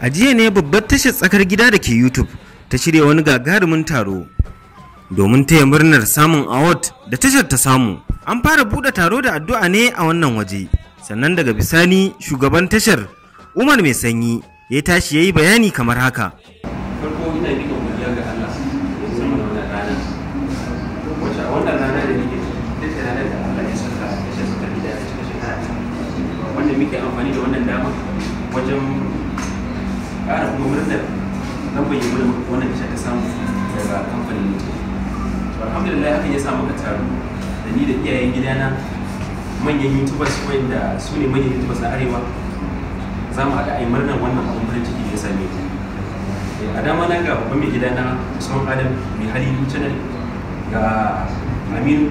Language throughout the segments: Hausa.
a jiya ne babbar tashar tsakar gida da ke youtube ta shirya wani gagarumin taro domin taya murnar samun award da tashar ta samu an fara buɗe taro da addu'a ne a wannan waje sannan daga bisani shugaban tashar umar mai sanyi ya tashi ya yi bayani kamar haka tambayi wannan tasha ta samu daga kamfanin ne to alhamdulillah hakan ya samu ka taru da ni da iyayen gidana manyan youtubers wanda su ne manyan youtubers na arewa za mu haɗa a yi murnar wannan abin farin ciki da ya same ni eh, a dama na ga babban mai gidana usman adam mai hali channel ga aminu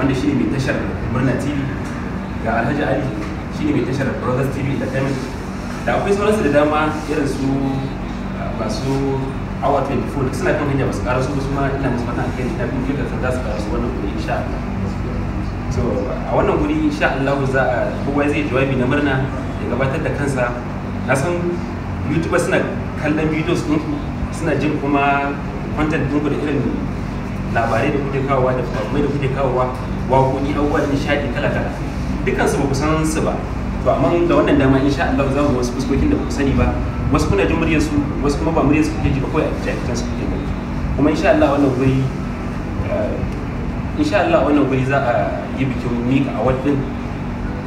wanda shi ne mai tashar murna tv ga alhaji ali shi ne mai tashar brothers tv entertainment da akwai sauransu da dama irin su su awa 24 duk suna kan hanya ba su karasu ba su ma ina musu mata kai na bin kyautar za su karasu wannan guri insha so a wannan guri insha Allah za a kowa zai jawabi na murna ya gabatar da kansa na san youtuber suna kallon videos din suna jin kuma content din da irin labarai da kuke kawowa da mai da kuke kawowa waƙoƙi abubuwa da nishaɗi kala kala dukansu ba ku san su ba to amma da wannan dama insha Allah za mu wasu fuskokin da ba ku sani ba wasu kuna jin muryar su wasu kuma ba muryar su kuke ji ba kawai a jakitan su kuke gani kuma insha Allah wannan guri eh, insha Allah wannan guri za a yi bikin mika a wadin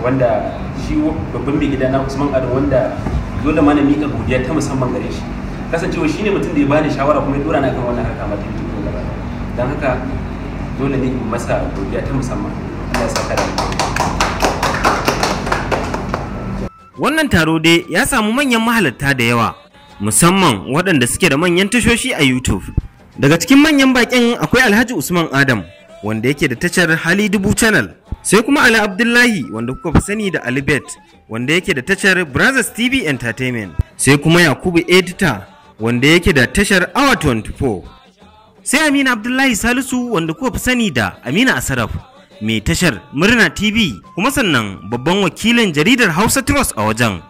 wanda shi babban mai gida na Usman Ado wanda dole ma na mika godiya ta musamman gare shi kasancewa shine mutum da ya bani shawara kuma ya dora na kan wannan harka ma ta bikin gaba don haka dole ne in masa godiya ta musamman Allah ya saka da mu Wannan taro dai ya samu manyan mahalarta da yawa, musamman waɗanda suke da manyan tashoshi a YouTube. Daga cikin manyan baƙin akwai Alhaji Usman Adam, wanda yake da tashar Hali Dubu Channel, sai kuma Ali Abdullahi wanda kuka fi sani da Alibet, wanda yake da tashar Brothers TV Entertainment, sai kuma Yakubu Edita, wanda yake da tashar Awa 24. Sai Amina Abdullahi Salisu wanda kuka fi sani da Amina Asaraf. mai tashar murna tv kuma sannan babban wakilin jaridar hausa trust a wajen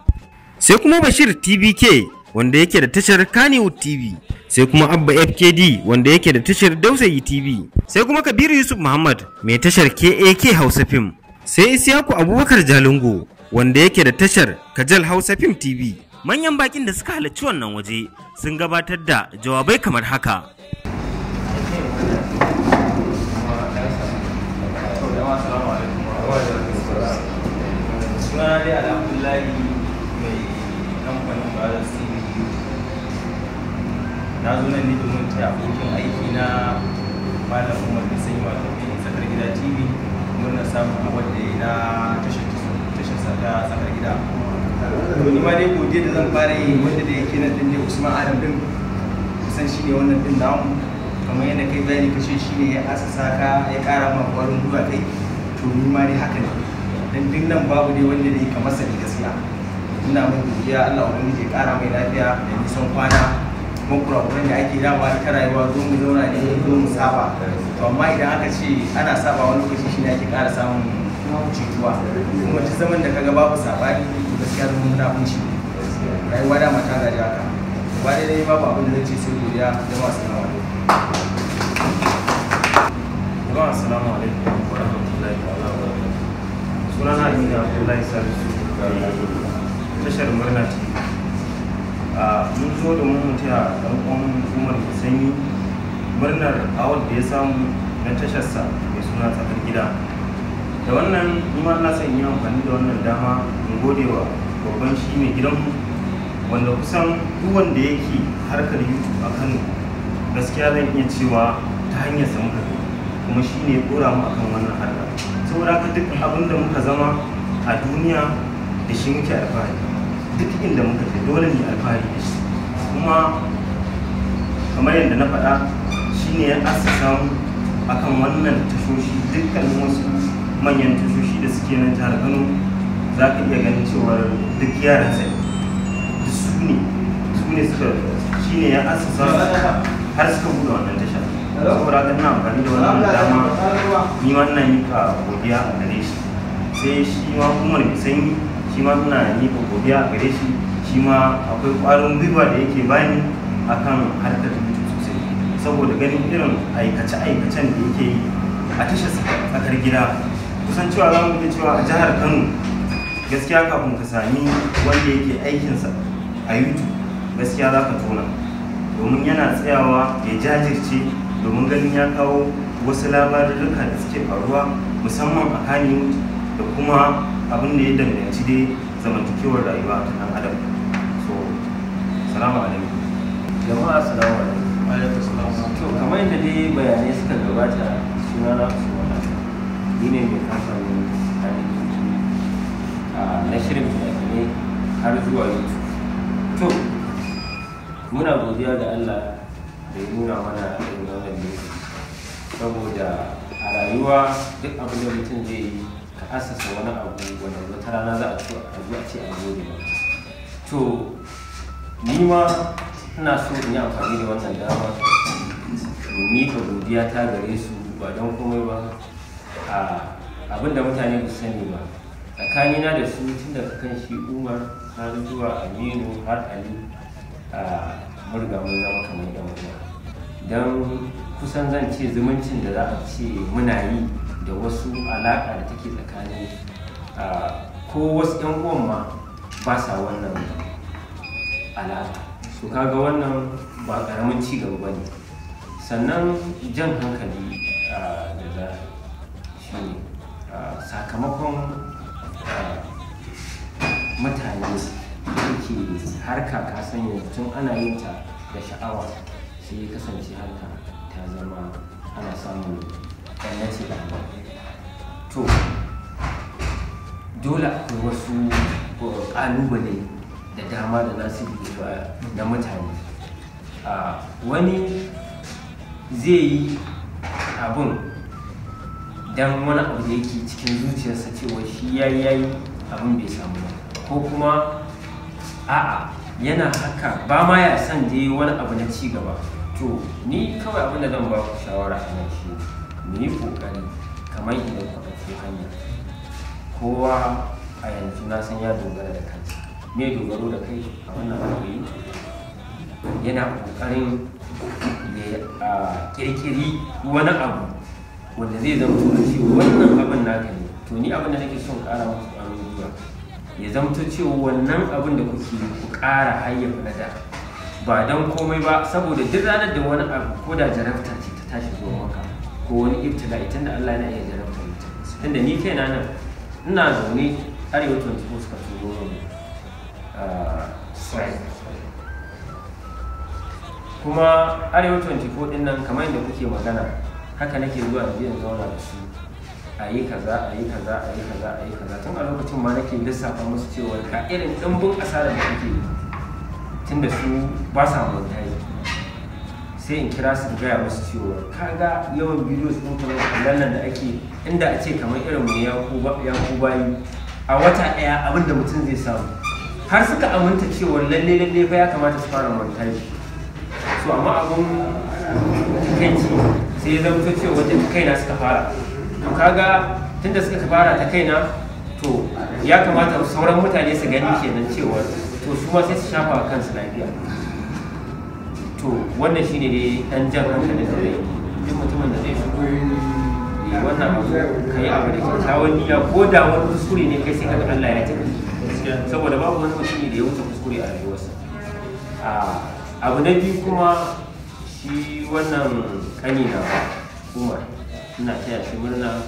sai kuma bashir tvk wanda yake da tashar kanewood tv sai kuma abba fkd wanda yake da tashar dausayi tv sai kuma kabiru yusuf muhammad mai tashar kak hausa fim sai isiyaku abubakar jalingo wanda yake da tashar kajal hausa fim tv manyan bakin da suka halarci wannan waje sun gabatar da jawabai kamar haka suna dai alhamdulahi mai kamfanin bada cbu na zo nan ne domin ta abokin aiki na malam umar da sanyi wato bin tsakar gida tv murna samun wadda ya na tashar sata tsakar gida to ni ma dai godiya da zan fara yi wanda da yake nan din ne usman adam din kusan shi ne wannan din namu kamar yadda kai bayani kashe shi ne ya asasa ka ya kara ma kwarin gwiwa kai to ni ma dai haka ne don duk nan babu ne wanda yake kamar sa gaskiya ina mun godiya Allah ubangiji ya kara mai lafiya da nisan kwana mun kurakuran da ake dama ta rayuwa zo mu zauna ne zo mu saba to amma idan aka ce ana saba wani lokaci shi ne ake ƙara samun jituwa kuma ci zaman da kaga babu sabani gaskiya zama muna kunci rayuwa da mata gaji haka ba dai dai babu abin da zai ce sai godiya da masu nawa ne assalamu alaikum warahmatullahi wabarakatuh. sunana aminu abdullahi salisu tashar murna ce ah, mun zo da mun mutu a ɗan'uwan hukumar sanyi murnar awar da ya samu na tasharsa mai suna tsakar gida da wannan nima na son yi amfani da wannan dama in gode wa babban shi mai gidanmu wanda kusan duk wanda yake harkar youtube a kano gaskiya zan iya cewa ta hanyar samun kuma shi ne ya ɗora mu akan wannan harkar saura ka duk abin da muka zama a duniya da shi muke alfahari duk inda muka ke dole ne alfahari da shi kuma kamar yadda na faɗa shi ne ya asasa mu akan wannan tashoshi dukkanin wasu manyan tashoshi da suke nan jihar kano za ka iya ganin cewa duk yaran sai su ne su ne suka shi ne ya asasa har suka buɗe wannan tasha saboda haka ina amfani da wannan dama ni wannan yi ka godiya a gare shi sai shi ma da bisanyi shi ma tana yi ka godiya a gare shi shi ma akwai ƙwarin gwiwa da yake bani akan harkar sosai saboda ganin irin aikace-aikacen da yake yi a tashar tsakar gida kusan cewa za mu iya cewa a jihar kano gaskiya kafin ka sami wanda yake aikinsa a youtube gaskiya za ka tona domin yana tsayawa ya jajirce domin ganin ya kawo wasu labarurruka da suke faruwa musamman a kani da kuma abin da ya danganci dai zamantakewar rayuwa ta ɗan adam so salamu alaikum jama'a salamu alaikum alaikum salamu to kamar yadda dai bayanai suka gabata suna na su wani ni ne mai kamfanin a na shirin fina-finai har zuwa youtube to muna godiya da allah da ya nuna mana saboda a rayuwa duk abin da mutum zai yi ka asasa wani abu wanda wata rana za a ci a ce a gode ba to ni ma ina so in yi amfani da wannan dama domin ka godiya ta gare su ba don komai ba a abin da mutane ba sani ba tsakanina da su tun daga kan shi umar har zuwa aminu har ali a murga mun zama kamar yan don kusan zan ce zumuncin da za a ce muna yi da wasu alaƙa da take tsakanin ko wasu 'yan uwan ma ba sa wannan alaƙa su kaga wannan ba ƙaramin gaba ba ne sannan jan hankali da za shi ne sakamakon mutane da ke harka kasan yanzu tun ana yin ta da sha'awa sai kasance harka zama ana samun gwamnati da to dole akwai wasu ƙalubale da dama da nasu da mutane wani zai yi abin don wani abu da yake cikin zuciyarsa cewa shi ya yi abin bai samu ba ko kuma a'a yana haka ba ma ya san dai wani abu na cigaba. to ni kawai abin da zan ba ku shawara a nan shi mu yi kokari kamar idan ku ce hanya kowa a yanzu na san ya dogara da kansa me dogaro da kai a wannan yi yana kokarin ya kirkiri wani abu wanda zai zama da cewa wannan abin na ne to ni abin da nake son kara musu ƙwarin gwiwa ya zama cewa wannan abin da kuke ku ƙara hayyafa na da ba don komai ba saboda duk ranar da wani abu ko da jarabta ce ta tashi zuwa maka ko wani ita da Allah yana iya jarabta mutum tunda ni kaina nan ina zaune arewa 24 suka turo mu ah, kuma arewa 24 din nan kamar yadda kuke magana haka nake zuwa biyan zauna da su a yi kaza a yi kaza a yi kaza a yi kaza tun a lokacin ma nake lissafa musu cewa ka irin ɗimbin asara da kuke yi tunda su ba sa montaji sai in kira su gaya musu cewa kaga yawan bidiyo sun kuma kallon da ake inda a ce kamar irin mai ya bayi a wata ɗaya abin da mutum zai samu har suka aminta cewa lalle lalle ba ya kamata su fara montaji so amma abun kanki sai ya zama cewa wajen kaina suka fara to kaga tunda suka fara ta kaina to ya kamata sauran mutane su gani kenan cewa to su ma sai su shafa kansu lafiya to wannan shi ne dai dan jan hankali da zai duk mutumin da zai shigo wannan abu ka yi abu da tawon niyya ko da wani kuskure ne kai sai ka ga Allah ya tafi saboda babu wani mutum da ya wuce kuskure a rayuwarsa abu na biyu kuma shi wannan kani na umar ina taya shi murna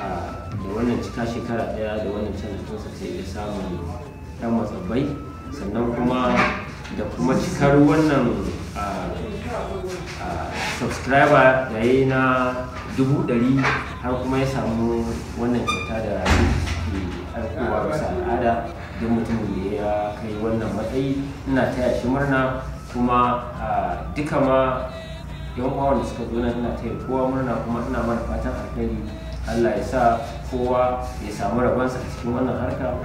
da wannan cika shekara daya da wannan canza tunsa sai ya samu dan matsabai sannan kuma da kuma cikar wannan subscriber da ya yi na dubu ɗari har kuma ya samu wannan kyauta da ke harkowa bisa al'ada don mutum da ya kai wannan matsayi ina taya shi murna kuma duka ma yan uwa suka zo na ina taya kowa murna kuma ina mana fatan alheri Allah ya sa kowa ya samu rabonsa a cikin wannan harka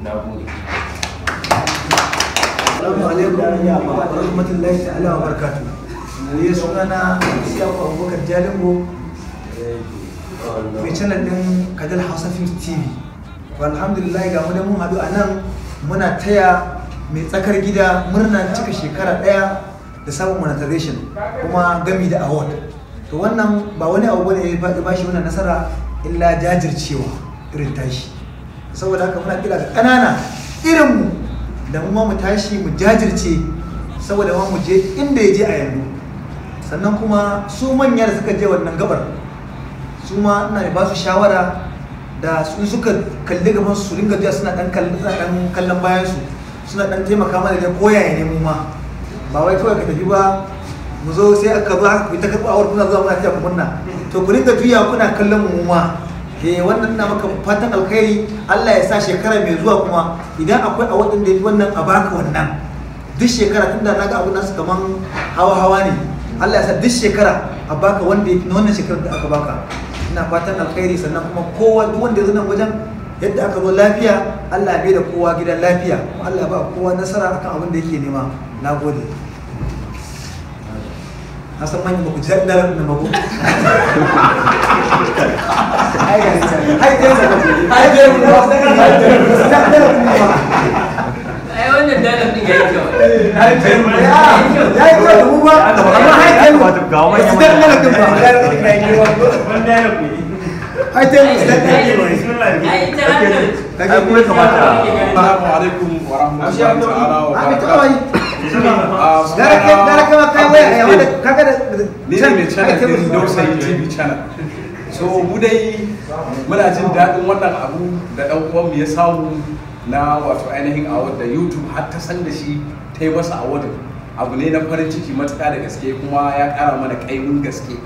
na gode Assalamu alaikum wa rahmatullahi ta'ala wa barakatu. Ni sunana Isiyaku Abubakar Jalingo. Mai channel din Kadal Hausa Films TV. Alhamdulillah ga mu da mun haɗu anan muna taya mai tsakar gida muna cika shekara ɗaya da samun monetization kuma gami da award. To wannan ba wani abu bane ya ba shi wannan nasara illa jajircewa irin tashi. Saboda haka muna kira ga ƙanana mu da mu mu tashi mu jajirce saboda ma mu je inda ya je a yanzu sannan kuma su manya da suka je wannan gabar su ma ina da ba su shawara da su suka kalli gaban su ringa jiya suna dan kallon bayan su suna dan taimaka mana da koyaye ne mu ma ba wai kawai ka tafi ba mu zo sai aka zo aka ta karɓa awar kuna zuwa muna tafiya kunna to ku ringa juya kuna kallon mu ma eh wannan na maka fatan alkhairi Allah ya sa shekara mai zuwa kuma idan akwai a waɗanda ya wannan a baka wannan duk shekara tun da naga abu nasu kaman hawa hawa ne Allah ya sa duk shekara a baka wanda ya wannan shekarar da aka baka ina fatan alkhairi sannan kuma kowa duk wanda ya nan wajen yadda aka zo lafiya Allah ya bai da kowa gidan lafiya Allah ya ba kowa nasara akan abin da yake nema nagode na san manyan ba ku ji daɗin daren nan ba ku Assalamualaikum warahmatullahi wabarakatuh. gara ke eh, ne ne din dausayi tv channel so mu dai muna jin daɗin wannan abu da ɗan uwanmu ya samu na wato ainihin award da youtube har ta san da shi ta yi masa award abu ne na farin ciki matuƙa da gaske kuma ya ƙara mana ƙaimin gaske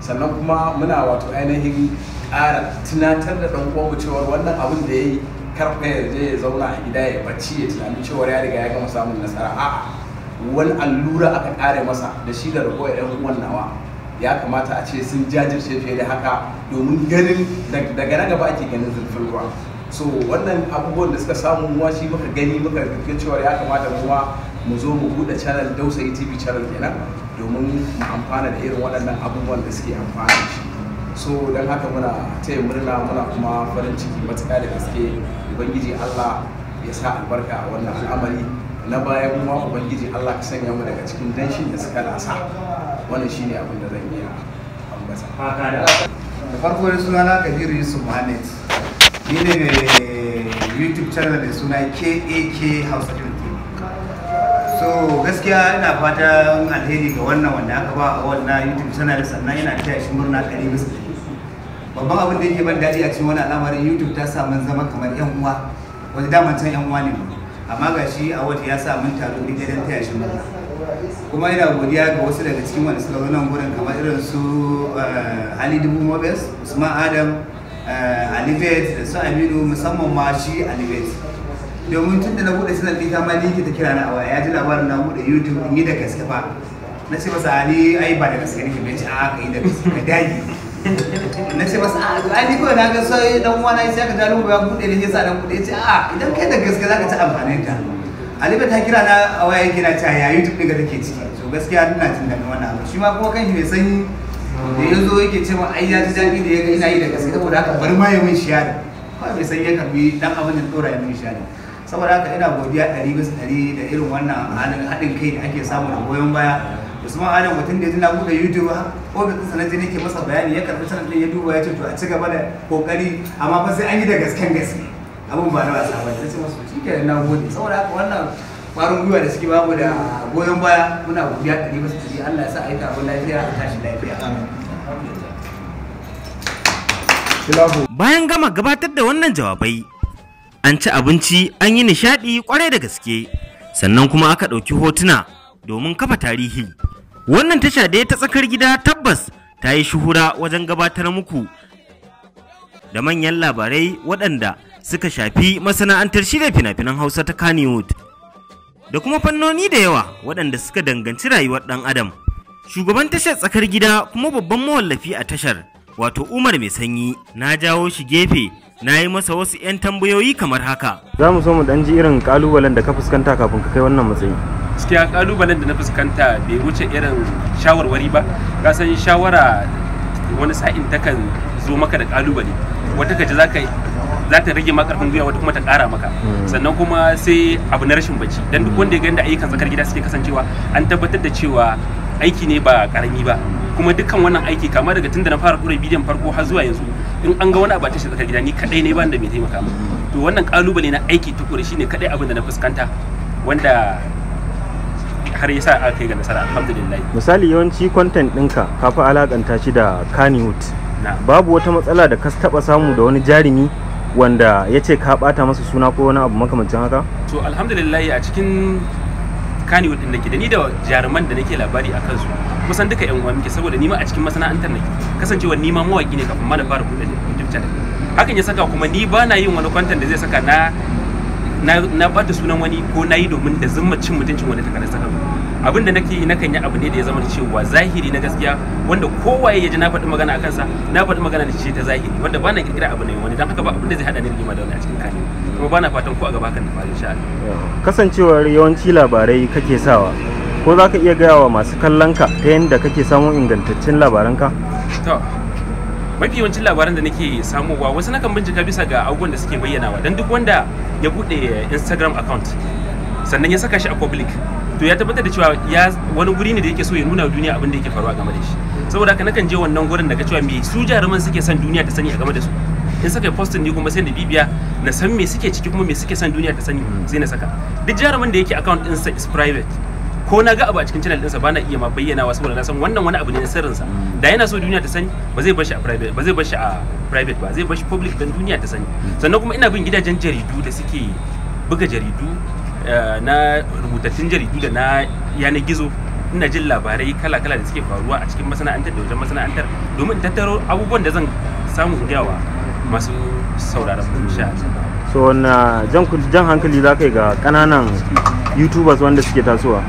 sannan kuma muna wato ainihin ƙara tunatar da ɗan uwanmu cewar wannan abun da ya yi karfe zai ya zauna a gida ya bacci ya tunanin cewa ya riga ya gama samun nasara a'a wani allura aka kare masa da shi da rago ya uwan nawa ya kamata a ce sun jajirce fiye da haka domin ganin daga na gaba ake ganin zurfin ruwa so wannan abubuwan da suka samu muwa shi muka gani muka ga cewa ya kamata muwa mu zo mu buɗe channel dausayi tv channel kenan domin mu amfana da irin waɗannan abubuwan da suke amfana shi so don haka muna taya murna muna kuma farin ciki matuƙa da gaske ubangiji allah ya sa albarka a wannan al'amari na bayan kuma ubangiji allah ka sanya mu daga cikin danshin da suka lasa wannan shine abin da zan iya ambata da farko da suna na kabiru yusuf mohammed ni ne youtube channel da suna kak house so gaskiya ina fatan alheri ga wannan wanda aka ba a wannan youtube channel sannan yana taya shi murna kare musu babban abin da yake ban daɗi a cikin wani al'amarin youtube ta mun zama kamar yan uwa wani daman can yan uwa ne amma ga shi a wata ya sa mun taro ni gidan taya shi murna kuma ina godiya ga wasu daga cikin wanda suka nan gurin kamar irin su eh, ali dubu mobes usman adam eh, alibet da su aminu musamman ma shi alibet domin tun da na bude sanar ta ma yake ta kira na a waya ya ji labarin na bude youtube in yi da gaske fa na ce masa ali ai ba da gaske ne ya ce a ka yi da gaske ka dagi na ce masa a ai na ga sai dan uwa na sai ka dalo ba bude ne yasa dan buɗe ce a idan kai da gaske zaka ci amfanin ali ba ta kira na a waya kira ta ya youtube ne ga take ciki so gaskiya ina jin daɗin wannan abu shi ma kuma kan shi bai san da ya zo yake ce ma ai ya ji dadi da ya ga ina yi da gaske saboda haka bar ma ya min shiyari kawai bai san ya karbi dan abin da tsora ya min shiyari saboda haka ina godiya ɗari bisa ɗari da irin wannan halin haɗin kai da ake samu da goyon baya usman adam mutum da ya ji na buɗe youtube ofis ɗinsa na jini ke masa bayani ya karɓi sanar ya duba ya ce to a ci gaba da kokari amma fa sai an yi da gasken gaske abin ba na wasa ba ne sai masu shi ke na gode saboda haka wannan ƙwarin gwiwa da suke babu da goyon baya muna godiya ɗari bisa ɗari allah ya sa a yi taron lafiya a tashi lafiya Bayan gama gabatar da wannan jawabai, an ci abinci an yi nishaɗi kwarai da gaske sannan kuma aka ɗauki hotuna domin kafa tarihi wannan tasha dai ta tsakar gida tabbas ta yi shuhura wajen gabatar muku da manyan labarai waɗanda suka shafi masana'antar shirya fina-finan hausa ta kaniwood da kuma fannoni da yawa waɗanda suka danganci rayuwar ɗan adam shugaban tashar tsakar gida kuma babban mawallafi a tashar wato Umar mai sanyi na jawo shi gefe na yi masa wasu 'yan tambayoyi kamar haka. Za mu so mu dan ji irin kalubalen da ka fuskanta kafin ka kai wannan matsayi. Gaskiya kalubalen da na fuskanta bai wuce irin shawarwari ba, ka san shawara wani sa'in takan zo maka da kalubale wata kaji za ka za ta rage maka karfin gwiwa wata kuma ta kara maka hmm. sannan kuma sai abu na rashin bacci dan duk wanda ya ga inda ayyukan tsakar gida suke kasancewa an tabbatar da cewa aiki ne ba karami ba kuma dukkan wannan aiki kama daga tun da na fara ɗora bidiyon farko har zuwa yanzu in an ga wani abu a tashi tsakar gida ni kadai ne ban da mai taimaka min to wannan kalubale na aiki tukuri shine kadai abin da na fuskanta wanda har yasa aka kai ga nasara alhamdulillah misali yawanci content ɗinka ka alakanta shi da Kannywood babu wata matsala da ka taba samu da wani jarumi wanda ya ce ka bata masa suna ko wani abu makamancin haka to alhamdulillah a cikin tsakani wadin ke da ni da jaruman da nake labari a kansu kusan duka yan uwa muke saboda nima a cikin masana'antar nake kasancewa nima mawaki ne kafin mana na fara buɗe YouTube channel hakan ya saka kuma ni bana yin wani kwantan da zai saka na na bata sunan wani ko na yi domin da zumma cin mutuncin wani takarar saka abin da nake yi kan yi abu ne da ya zama cewa zahiri na gaskiya wanda kowaye ya ji na faɗi magana a kansa na faɗi magana da ce ta zahiri wanda ba na kirkira abu ne wani don haka ba abin da zai haɗa ni rigima da wani a cikin kani kuma ba na fatan ko a gaba kan da faru kasancewar yawanci labarai kake sawa ko za ka iya gaya wa masu kallon ka ta yadda kake samun ingantaccen labaranka? to mafi yawancin labaran da nake samowa wasu nakan bincika bisa ga abubuwan da suke bayyanawa don duk wanda ya buɗe instagram account sannan ya saka shi a public to ya tabbatar da cewa ya wani guri ne da yake so ya nuna duniya abin da yake faruwa game da shi saboda haka nakan je wannan gurin da ka cewa me su jaruman suke son duniya ta sani a game da su in saka postin ne kuma sai na bibiya na san me suke ciki kuma me suke son duniya ta sani hmm. sai na saka duk jaruman da yake account sa is private ko na ga abu a cikin channel sa ba na iya ma bayyana wa saboda na san wannan wani abu ne na sirrinsa hmm. da yana so duniya ta sani ba zai bar shi a private ba zai bar shi a private ba zai bar public dan duniya ta sani hmm. sannan kuma ina bin gidajen jaridu da suke buga jaridu Eh, na rubutattun jaridu da na yanar gizo ina jin labarai kala-kala da suke faruwa a cikin masana'antar da wajen masana'antar domin tattaro abubuwan da zan samu gyawa masu sauraron sha so na jan hankali za ka yi ga kananan youtubers wanda suke tasowa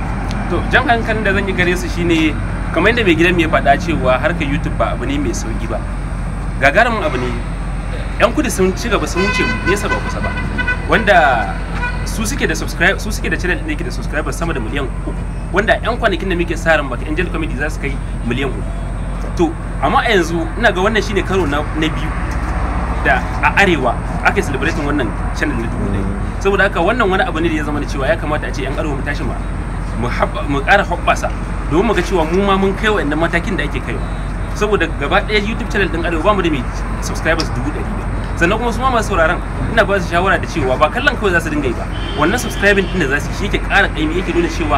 to jan hankalin da zan yi gare su shine kamar yadda mai gidan mai faɗa cewa harkar youtube ba abu ne mai sauki ba gagarumin abu ne yan kudu sun ci gaba sun wuce nesa ba kusa ba wanda su suke da subscribe su suke da channel ne ke da subscribers sama da miliyan uku wanda yan kwanakin da muke sa ran baka angel comedy za su kai miliyan uku to amma a yanzu ina ga wannan shine karo na biyu da a arewa aka yi celebrating wannan channel na dubu ɗaya saboda haka wannan wani abu ne da ya zama da cewa ya kamata a ce yan arewa mu tashi ma mu ƙara hoɓɓasa domin mu ga cewa mu ma mun kai wa'annan matakin da ake kaiwa saboda gaba ɗaya youtube channel ɗin arewa ba mu da mai subscribers dubu ɗari sannan kuma su ma masu sauraron ina ba su shawara da cewa ba kallon kawai za su dinga yi ba wannan subscribing din da za su yi yake ƙara ƙaimi yake nuna cewa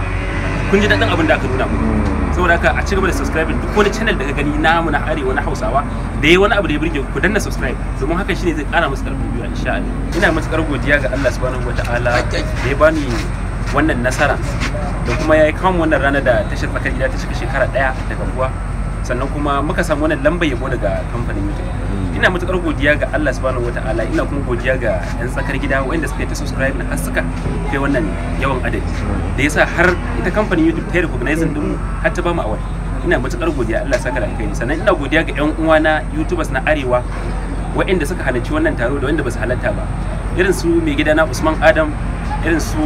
kun ji daɗin abin da aka nuna muku saboda haka a ci gaba da subscribing duk wani channel da ka gani namu na arewa na hausawa da ya wani abu da ya burge ku danna subscribe domin haka shine zai kara musu karfin gwiwa insha Allah ina matukar godiya ga Allah subhanahu wataala da ya bani wannan nasara da kuma ya yi kawo wannan rana da tashar tsakar gida ta cika shekara daya daga kuwa sannan kuma muka samu wannan lambar yabo daga kamfanin youtube hmm. ina matukar godiya ga Allah subhanahu wataala ina kuma godiya ga yan tsakar gida waɗanda suka ta subscribe na har suka kai wannan yawan adadi hmm. da yasa har ita kamfanin youtube ta recognizing din har ta mu award ina matukar godiya Allah saka da alkhairi sannan ina godiya ga yan uwa na youtubers na arewa waɗanda suka halarci wannan taro da waɗanda ba su halarta ba irin su mai gida na Usman Adam irin su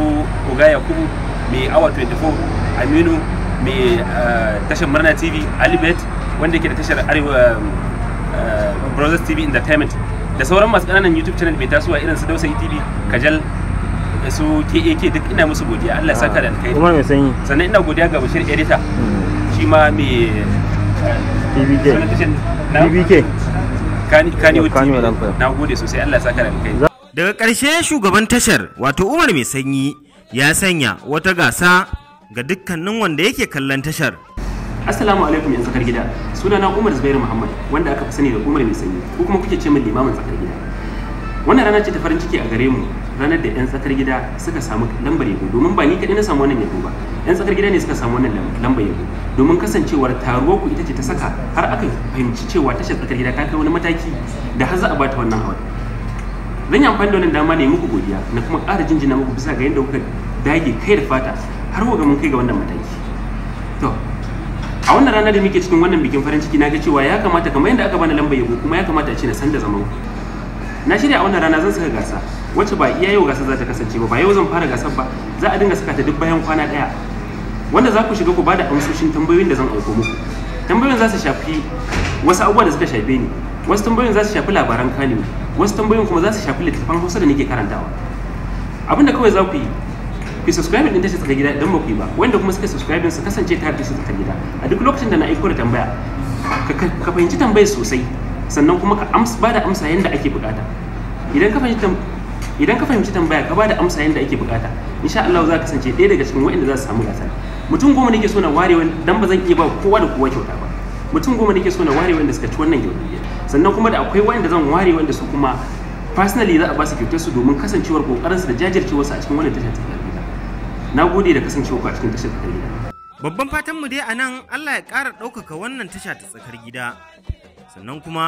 Oga Yakubu mai awa 24 Aminu mai uh, tashar murna tv alibet wanda ke da tashar arewa um, uh, brothers tv entertainment da sauran masu kananan youtube channel mai tasowa irin su dausayi tv kajal su kak duk ina musu godiya allah saka da alkhairi kuma mai sanyi sannan ina godiya ga bashir edita hmm. shi ma mai tvk tvk kani tv na gode sosai allah saka da alkhairi daga ƙarshe shugaban tashar wato umar mai sanyi ya sanya wata gasa ga dukkanin wanda yake kallon tashar. Assalamu alaikum yan tsakar gida. Sunana Umar Zubairu Muhammad wanda aka fi sani da Umar mai sanyi ko kuma kuke ce min limamin tsakar gida. Wannan rana ce ta farin ciki a gare mu ranar da yan tsakar gida suka samu lambar yabo domin ba ni kaɗai na samu wannan yabo ba. Yan tsakar gida ne suka samu wannan lambar yabo domin kasancewar taruwar ku ita ce ta saka har aka fahimci cewa tashar tsakar gida ta kai wani mataki da har za a bata wannan hawa Zan yi amfani da wannan dama ne muku godiya na kuma ƙara jinjina muku bisa ga yadda kuka dage kai da fata har ga mun kai ga wannan mataki to a wannan rana da muke cikin wannan bikin farin ciki na ga cewa ya kamata kamar yadda aka bani lamba yabo kuma ya kamata a ce na san da zaman na shirya a wannan rana zan saka gasa wacce ba iya yau gasa za ta kasance ba ba yau zan fara gasar ba za a dinga saka ta duk bayan kwana daya. wanda za ku shiga ku bada amsoshin tambayoyin da zan auko muku tambayoyin za su shafi wasu abubuwa da suka shafe ni wasu tambayoyin za su shafi labaran kaniwa wasu tambayoyin kuma za su shafi littattafan hausa da nake karantawa abinda kawai za ku yi ki subscribe din ta gida don mu ba wanda kuma suka subscribe su kasance tare da tashar gida a duk lokacin da na aiko da tambaya ka fahimci tambaya sosai sannan kuma ka ba da amsa yadda ake bukata idan ka fahimci idan ka fahimci tambaya ka da amsa yadda ake bukata insha Allah za ka kasance ɗaya daga cikin waɗanda za su samu gasar mutum goma nake so na ware dan ba zan iya ba kowa da kowa kyauta ba mutum goma nake so na ware wanda suka ci wannan kyauta sannan kuma da akwai wanda zan ware wanda su kuma personally za a ba su kyautar su domin kasancewar kokarin su da jajircewar su a cikin wannan tashar na gode da kasancewa a cikin tashar tsakar gida babban fatanmu dai a nan allah ya ƙara ɗaukaka wannan tasha ta tsakar gida sannan kuma